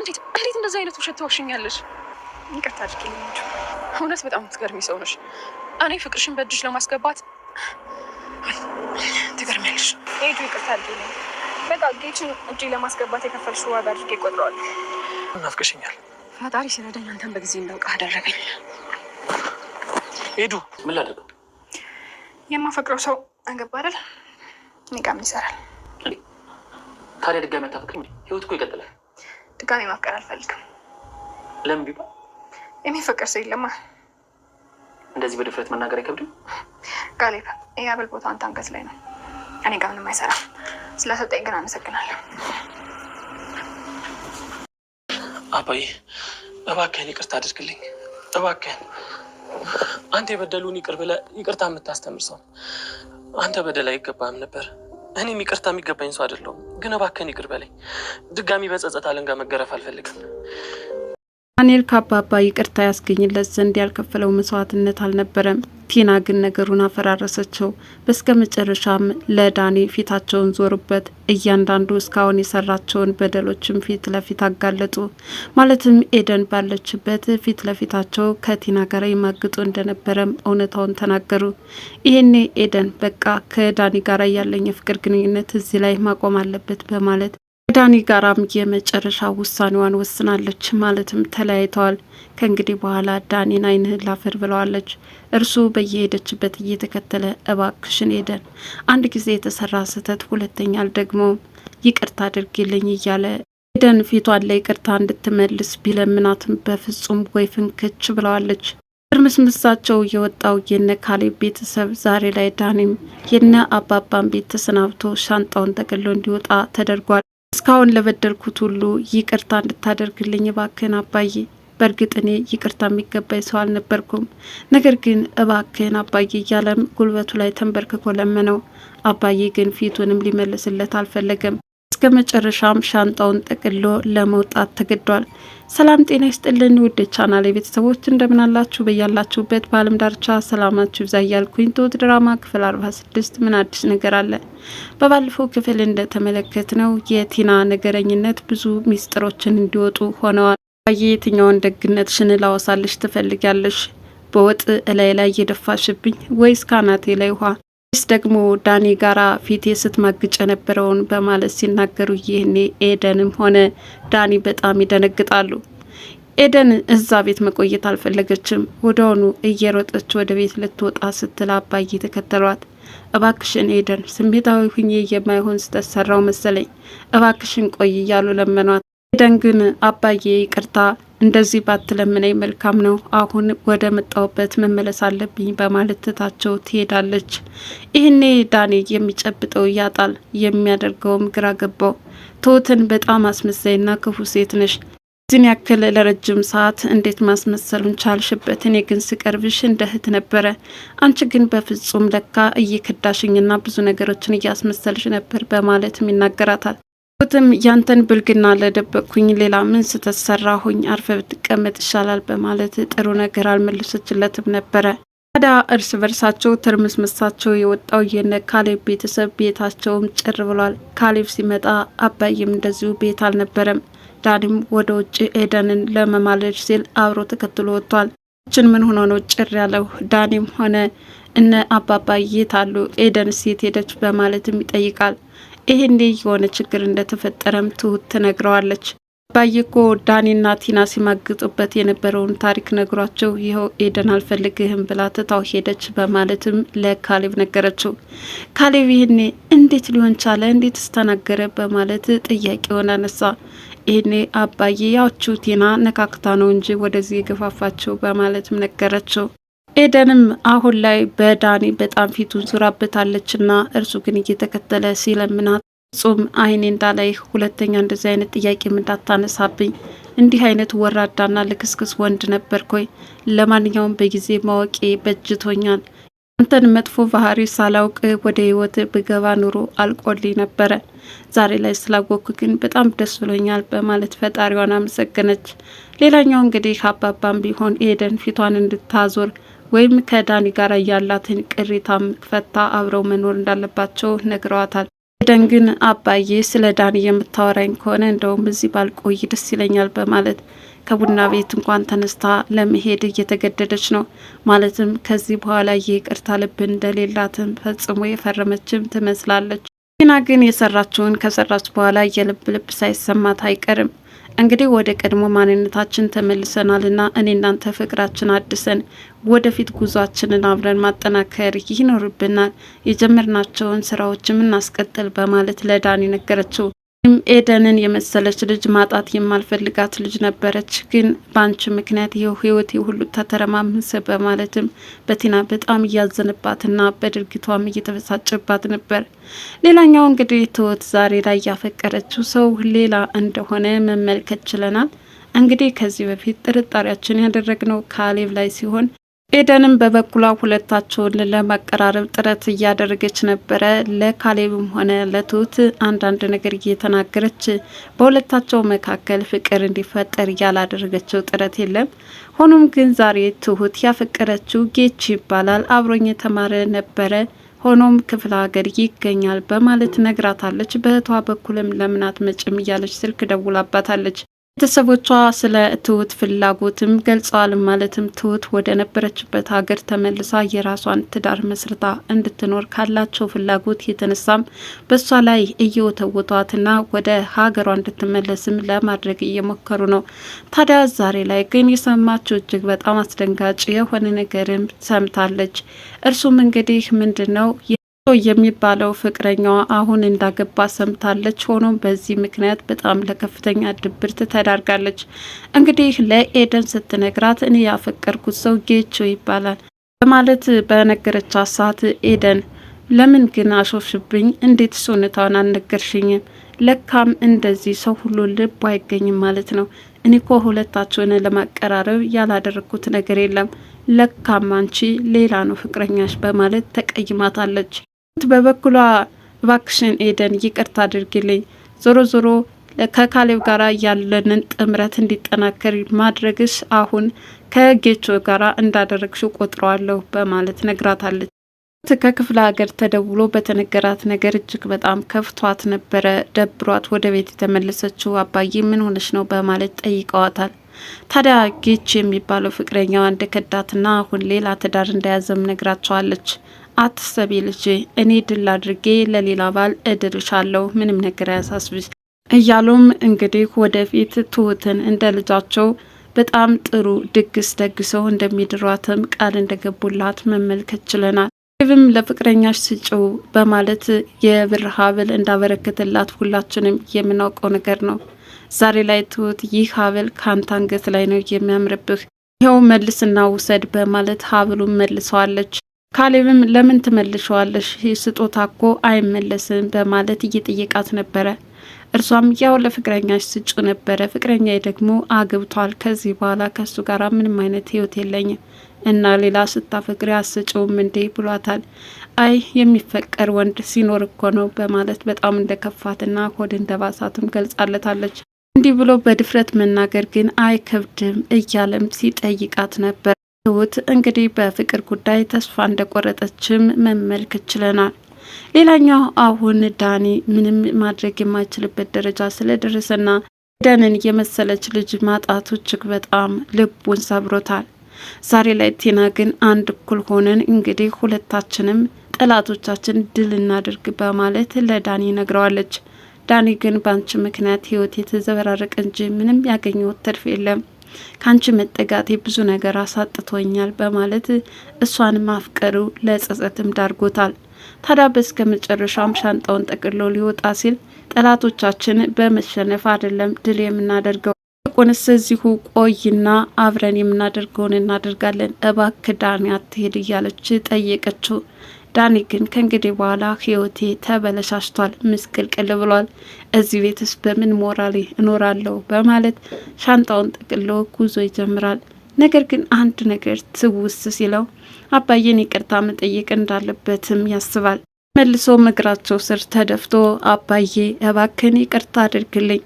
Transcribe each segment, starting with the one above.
እንዴት እንዴት እንደዚህ አይነት ውሸት ተወሽኛለሽ? ይቅርታ አድርጊልኝ። እውነት በጣም ትገርሚ ሰው ነሽ። እኔ ፍቅርሽን በእጅሽ ለማስገባት ትገርሚያለሽ። ሄዱ ይቅርታ አድርጊልኝ። በቃ ጌችን እጅ ለማስገባት የከፈልሽው ዋጋ አድርጌ ቆጥረዋል። እናፍቅሽኛል። ፈጣሪ ሲረዳኝ አንተን በጊዜ እንዳውቅ አደረገኝ። ሄዱ ምን ላደርግ? የማፈቅረው ሰው አገባ አይደል? እኔ ጋርም ይሰራል። ታዲያ ድጋሚ አታፈቅርም? ህይወት እኮ ይቀጥላል። ድጋሜ ማፍቀር አልፈልግም። ለምን ቢባ የሚፈቀር ሰው የለማ። እንደዚህ በድፍረት መናገር አይከብድም ጋሌብ። ይህ አበል ቦታ አንተ አንገት ላይ ነው፣ እኔ ጋር ምንም አይሰራም። ስለሰጠኝ ግን አመሰግናለሁ። አባዬ እባክህን ይቅርታ አድርግልኝ እባክህን። አንተ የበደሉን ይቅር ብለህ ይቅርታ የምታስተምር ሰው አንተ በደል አይገባህም ነበር። እኔም ይቅርታ የሚገባኝ ሰው አይደለሁም። ግን እባክህን ይቅር በለኝ። ድጋሚ በጸጸት አለንጋ መገረፍ አልፈልግም። ዳንኤል ከአባባ ይቅርታ ያስገኝለት ዘንድ ያልከፈለው መስዋዕትነት አልነበረም። ቲና ግን ነገሩን አፈራረሰችው። በስከ መጨረሻም ለዳኒ ፊታቸውን ዞሩበት። እያንዳንዱ እስካሁን የሰራቸውን በደሎችም ፊት ለፊት አጋለጡ። ማለትም ኤደን ባለችበት ፊት ለፊታቸው ከቲና ጋር ይማግጡ እንደነበረም እውነታውን ተናገሩ። ይህኔ ኤደን በቃ ከዳኒ ጋር ያለኝ የፍቅር ግንኙነት እዚህ ላይ ማቆም አለበት በማለት ከዳኒ ጋራም የመጨረሻ ውሳኔዋን ወስናለች። ማለትም ተለያይተዋል። ከእንግዲህ በኋላ ዳኒን ዓይንህን ላፈር ብለዋለች። እርሱ በየሄደችበት እየተከተለ እባክሽን ሄደን አንድ ጊዜ የተሰራ ስህተት ሁለተኛል ደግሞ ይቅርታ አድርግልኝ እያለ ሄደን ፊቷን ለይቅርታ እንድትመልስ ቢለምናትም በፍጹም ወይ ፍንክች ብለዋለች። ርምስምሳቸው የወጣው የነ ካሌብ ቤተሰብ ዛሬ ላይ ዳኒም የነ አባባን ቤት ተሰናብቶ ሻንጣውን ጠቅሎ እንዲወጣ ተደርጓል። እስካሁን ለበደልኩት ሁሉ ይቅርታ እንድታደርግልኝ እባክህን አባዬ። በእርግጥ እኔ ይቅርታ የሚገባኝ ሰው አልነበርኩም፣ ነገር ግን እባክህን አባዬ እያለም ጉልበቱ ላይ ተንበርክኮ ለመነው። አባዬ ግን ፊቱንም ሊመልስለት አልፈለገም። መጨረሻም ሻንጣውን ጠቅሎ ለመውጣት ተገዷል። ሰላም ጤና ይስጥልን ውድ ቻናል ቤተሰቦች እንደምናላችሁ በያላችሁበት በዓለም ዳርቻ ሰላማችሁ ይብዛ እያልኩኝ ትሁት ድራማ ክፍል 46 ምን አዲስ ነገር አለ? በባለፈው ክፍል እንደተመለከትነው የቲና ነገረኝነት ብዙ ሚስጥሮችን እንዲወጡ ሆነዋል። የትኛውን ደግነት ሽን ላወሳልሽ ትፈልጊያለሽ? በወጥ እላይ ላይ እየደፋሽብኝ ወይስ ካናቴ ላይ ውሃ ስ ደግሞ ዳኒ ጋራ ፊቴ ስትማግጭ የነበረውን በማለት ሲናገሩ ይህኔ ኤደንም ሆነ ዳኒ በጣም ይደነግጣሉ። ኤደን እዛ ቤት መቆየት አልፈለገችም። ወደሆኑ እየሮጠች ወደ ቤት ልትወጣ ስትል አባዬ ተከተሏት። እባክሽን ኤደን ስሜታዊ ሁኜ የማይሆን ስተሰራው መሰለኝ እባክሽን ቆይ እያሉ ለመኗት። ኤደን ግን አባዬ ይቅርታ እንደዚህ ባትለምነኝ መልካም ነው፣ አሁን ወደ መጣውበት መመለስ አለብኝ በማለት ትታቸው ትሄዳለች። ይህኔ ዳኔ የሚጨብጠው ያጣል፣ የሚያደርገውም ግራ ገባው። ትሁትን በጣም አስመሳይና ክፉ ሴት ነሽ እዚህን ያክል ለረጅም ሰዓት እንዴት ማስመሰሉን ቻልሽበት? እኔ ግን ስቀርብሽ እንደ እህት ነበረ። አንቺ ግን በፍጹም ለካ እየከዳሽኝና ብዙ ነገሮችን እያስመሰልሽ ነበር በማለትም ይናገራታል። ትሁትም ያንተን ብልግና ለደበቅኩኝ ሌላ ምን ስተሰራ ሰራሁኝ? አርፈ ብትቀመጥ ይሻላል በማለት ጥሩ ነገር አልመለሰችለትም ነበረ። ታዲያ እርስ በርሳቸው ትርምስምሳቸው የወጣው የነ ካሌብ ቤተሰብ ቤታቸውም ጭር ብሏል። ካሌብ ሲመጣ አባይም እንደዚሁ ቤት አልነበረም። ዳኒም ወደ ውጭ ኤደንን ለመማለድ ሲል አብሮ ተከትሎ ወጥቷል። ችን ምን ሆኖ ነው ጭር ያለው? ዳኒም ሆነ እነ አባባ የት አሉ? ኤደንስ ሴት ሄደች? በማለትም ይጠይቃል። ይህኔ የሆነ ችግር እንደተፈጠረም ትሁት ትነግረዋለች። ባየኮ ዳኒና ቲና ሲማግጡበት የነበረውን ታሪክ ነግሯቸው ይኸው ኤደን አልፈልግህም ብላ ትታው ሄደች በማለትም ለካሌብ ነገረችው። ካሌብ ይህኔ እንዴት ሊሆን ቻለ? እንዴት ስተናገረ? በማለት ጥያቄውን አነሳ። ይህኔ አባዬ ያችው ቲና ነካክታ ነው እንጂ ወደዚህ የገፋፋቸው በማለትም ነገረችው። ኤደንም አሁን ላይ በዳኒ በጣም ፊቱን ዙራበታለች እና እርሱ ግን እየተከተለ ሲለምናት ፍጹም አይኔ እንዳላይህ፣ ሁለተኛ እንደዚህ አይነት ጥያቄ እንዳታነሳብኝ፣ እንዲህ አይነት ወራዳና ልክስክስ ወንድ ነበር ኮይ። ለማንኛውም በጊዜ ማወቄ በጅቶኛል። አንተን መጥፎ ባህሪ ሳላውቅ ወደ ህይወት ብገባ ኑሮ አልቆልኝ ነበረ። ዛሬ ላይ ስላወቅኩ ግን በጣም ደስ ብሎኛል በማለት ፈጣሪዋን አመሰገነች። ሌላኛው እንግዲህ አባባም ቢሆን ኤደን ፊቷን እንድታዞር ወይም ከዳኒ ጋር ያላትን ቅሬታም ፈታ አብረው መኖር እንዳለባቸው ነግረዋታል። ደን ግን አባዬ ስለ ዳኒ የምታወራኝ ከሆነ እንደውም እዚህ ባልቆይ ደስ ይለኛል በማለት ከቡና ቤት እንኳን ተነስታ ለመሄድ እየተገደደች ነው። ማለትም ከዚህ በኋላ ይቅርታ ልብ እንደሌላትም ፈጽሞ የፈረመችም ትመስላለች። ግና ግን የሰራችውን ከሰራች በኋላ የልብ ልብ ሳይሰማት አይቀርም። እንግዲህ ወደ ቀድሞ ማንነታችን ተመልሰናልና እኔ እናንተ ፍቅራችን አድሰን ወደፊት ጉዟችንን አብረን ማጠናከር ይኖርብናል፣ የጀመርናቸውን ስራዎችም እናስቀጥል በማለት ለዳን ነገረችው። ኤደንን የመሰለች ልጅ ማጣት የማልፈልጋት ልጅ ነበረች፣ ግን በአንቺ ምክንያት ይኸው ህይወቴ ሁሉ ተተረማምሰ በማለትም በቲና በጣም እያዘንባትና በድርጊቷም እየተበሳጨባት ነበር። ሌላኛው እንግዲህ ትሁት ዛሬ ላይ ያፈቀረችው ሰው ሌላ እንደሆነ መመልከት ችለናል። እንግዲህ ከዚህ በፊት ጥርጣሬያችን ያደረግነው ካሌብ ላይ ሲሆን ኤደንም በበኩሏ ሁለታቸውን ለማቀራረብ ጥረት እያደረገች ነበረ። ለካሌብም ሆነ ለትሁት አንዳንድ ነገር እየተናገረች በሁለታቸው መካከል ፍቅር እንዲፈጠር ያላደረገችው ጥረት የለም። ሆኖም ግን ዛሬ ትሁት ያፈቀረችው ጌች ይባላል አብሮኝ የተማረ ነበረ ሆኖም ክፍለ ሀገር ይገኛል በማለት ነግራታለች። በእህቷ በኩልም ለምናት መጭም እያለች ስልክ ደውላባታለች። ቤተሰቦቿ ስለ ትሁት ፍላጎትም ገልጸዋል። ማለትም ትሁት ወደ ነበረችበት ሀገር ተመልሳ የራሷን ትዳር መስርታ እንድትኖር ካላቸው ፍላጎት የተነሳም በሷ ላይ እየወተወቷትና ወደ ሀገሯ እንድትመለስም ለማድረግ እየሞከሩ ነው። ታዲያ ዛሬ ላይ ግን የሰማችው እጅግ በጣም አስደንጋጭ የሆነ ነገርም ሰምታለች። እርሱም እንግዲህ ምንድን ነው የሚባለው ፍቅረኛዋ አሁን እንዳገባ ሰምታለች። ሆኖም በዚህ ምክንያት በጣም ለከፍተኛ ድብርት ተዳርጋለች። እንግዲህ ለኤደን ስትነግራት እኔ ያፈቀርኩት ሰው ጌቾ ይባላል በማለት በነገረቻት ሰዓት ኤደን ለምን ግን አሾፍሽብኝ? እንዴት እውነታውን አልነገርሽኝም? ለካም እንደዚህ ሰው ሁሉ ልብ አይገኝም ማለት ነው። እኔ ኮ ሁለታችሁን ለማቀራረብ ያላደረግኩት ነገር የለም። ለካም አንቺ ሌላ ነው ፍቅረኛሽ በማለት ተቀይማታለች። በበኩሏ እባክሽን ኤደን ይቅርታ አድርግልኝ፣ ዞሮ ዞሮ ከካሌብ ጋር ያለንን ጥምረት እንዲጠናከር ማድረግሽ አሁን ከጌቾ ጋር እንዳደረግሽው ቆጥረዋለሁ በማለት ነግራታለች። ከክፍለ ሀገር ተደውሎ በተነገራት ነገር እጅግ በጣም ከፍቷት ነበረ። ደብሯት ወደ ቤት የተመለሰችው አባዬ ምን ሆነች ነው በማለት ጠይቀዋታል። ታዲያ ጌች የሚባለው ፍቅረኛዋ እንደከዳትና አሁን ሌላ ትዳር እንደያዘም ነግራቸዋለች። አትሰቢ ልጅ እኔ ድል አድርጌ ለሌላ ባል እድርሻለሁ፣ ምንም ነገር አያሳስብሽ እያሉም እንግዲህ ወደፊት ትሁትን እንደ ልጃቸው በጣም ጥሩ ድግስ ደግሰው እንደሚድሯትም ቃል እንደገቡላት መመልከት ችለናል። ግብም ለፍቅረኛሽ ስጭው በማለት የብር ሀብል እንዳበረከተላት ሁላችንም የምናውቀው ነገር ነው። ዛሬ ላይ ትሁት ይህ ሀብል ከአንተ አንገት ላይ ነው የሚያምርብህ፣ ይኸው መልስና ውሰድ በማለት ሀብሉን መልሰዋለች። ካሌብም ለምን ትመልሸዋለሽ? ስጦታ እኮ አይመለስም በማለት እየጠየቃት ነበረ። እርሷም ያው ለፍቅረኛ ስጩ ነበረ፣ ፍቅረኛ ደግሞ አግብቷል። ከዚህ በኋላ ከሱ ጋር ምንም አይነት ህይወት የለኝም እና ሌላ ስታፈቅሪ አስጭውም እንዴ ብሏታል። አይ የሚፈቀር ወንድ ሲኖር እኮ ነው በማለት በጣም እንደከፋትና ሆድ እንደባሳትም ገልጻለታለች። እንዲህ ብሎ በድፍረት መናገር ግን አይከብድም እያለም ሲጠይቃት ነበር። ትሁት እንግዲህ በፍቅር ጉዳይ ተስፋ እንደቆረጠችም መመልከት ችለናል። ሌላኛው አሁን ዳኒ ምንም ማድረግ የማይችልበት ደረጃ ስለደረሰና ደንን የመሰለች ልጅ ማጣቱ እጅግ በጣም ልቡን ሰብሮታል። ዛሬ ላይ ቴና ግን አንድ እኩል ሆነን እንግዲህ ሁለታችንም ጠላቶቻችን ድል እናድርግ በማለት ለዳኒ ነግረዋለች። ዳኒ ግን በአንቺ ምክንያት ህይወት የተዘበራረቀ እንጂ ምንም ያገኘሁት ትርፍ የለም ከአንቺ መጠጋቴ ብዙ ነገር አሳጥቶኛል በማለት እሷን ማፍቀሩ ለጸጸትም ዳርጎታል። ታዲያ በስከ መጨረሻም ሻንጣውን ጠቅሎ ሊወጣ ሲል ጠላቶቻችን በመሸነፍ አይደለም ድል የምናደርገው ቁንስ እዚሁ ቆይና አብረን የምናደርገውን እናደርጋለን፣ እባክህ ዳኒ አትሄድ እያለች ጠየቀችው። ዳኒ ግን ከእንግዲህ በኋላ ህይወቴ ተበለሻሽቷል፣ ምስቅልቅል ብሏል። እዚህ ቤትስ በምን ሞራሌ እኖራለሁ? በማለት ሻንጣውን ጠቅሎ ጉዞ ይጀምራል። ነገር ግን አንድ ነገር ትውስ ሲለው አባዬን ይቅርታ መጠየቅ እንዳለበትም ያስባል። መልሶ እግራቸው ስር ተደፍቶ አባዬ እባክን ይቅርታ አድርግልኝ፣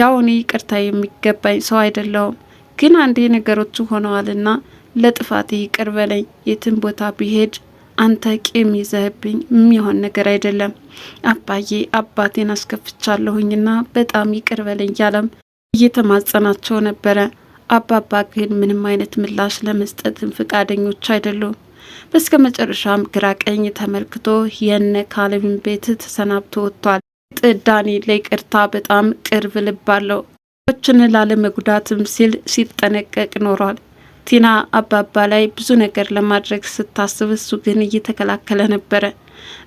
ያው እኔ ይቅርታ የሚገባኝ ሰው አይደለውም። ግን አንዴ ነገሮቹ ሆነዋልና ለጥፋቴ ይቅር በለኝ። የትም ቦታ ብሄድ አንተ ቂም ይዘህብኝ የሚሆን ነገር አይደለም። አባዬ አባቴን አስከፍቻለሁኝና በጣም ይቅር በለኝ እያለም እየተማጸናቸው ነበረ። አባባ ግን ምንም አይነት ምላሽ ለመስጠትም ፈቃደኞች አይደሉም። በስከ መጨረሻም ግራ ቀኝ ተመልክቶ የነ ካለምን ቤት ተሰናብቶ ወጥቷል። ጥዳኔ ለይቅርታ በጣም ቅርብ ልብ አለው። ዎችን ላለመጉዳትም ሲል ሲጠነቀቅ ኖሯል። ቲና አባባ ላይ ብዙ ነገር ለማድረግ ስታስብ እሱ ግን እየተከላከለ ነበረ።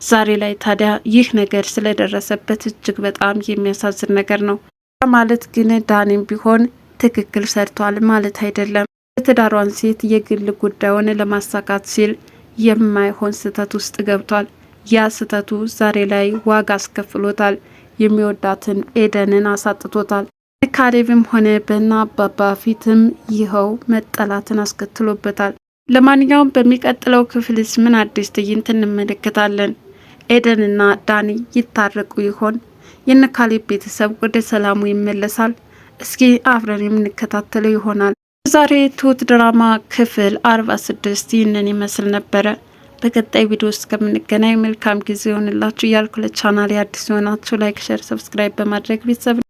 ዛሬ ላይ ታዲያ ይህ ነገር ስለደረሰበት እጅግ በጣም የሚያሳዝን ነገር ነው። ማለት ግን ዳኔም ቢሆን ትክክል ሰርቷል ማለት አይደለም። የትዳሯን ሴት የግል ጉዳዩን ለማሳካት ሲል የማይሆን ስህተት ውስጥ ገብቷል። ያ ስህተቱ ዛሬ ላይ ዋጋ አስከፍሎታል። የሚወዳትን ኤደንን አሳጥቶታል። ካሌብም ሆነ በና አባባ ፊትም ይኸው መጠላትን አስከትሎበታል። ለማንኛውም በሚቀጥለው ክፍልስ ምን አዲስ ትዕይንት እንመለከታለን? ኤደንና ዳኒ ይታረቁ ይሆን? የነ ካሌብ ቤተሰብ ወደ ሰላሙ ይመለሳል? እስኪ አብረን የምንከታተለው ይሆናል። ዛሬ ትሁት ድራማ ክፍል 46 ይህንን ይመስል ነበረ። በቀጣይ ቪዲዮ ውስጥ ከምንገናኝ መልካም ጊዜ ይሆንላችሁ እያልኩ ለቻናል አዲስ የሆናችሁ ላይክ፣ ሸር፣ ሰብስክራይብ በማድረግ ቤተሰብ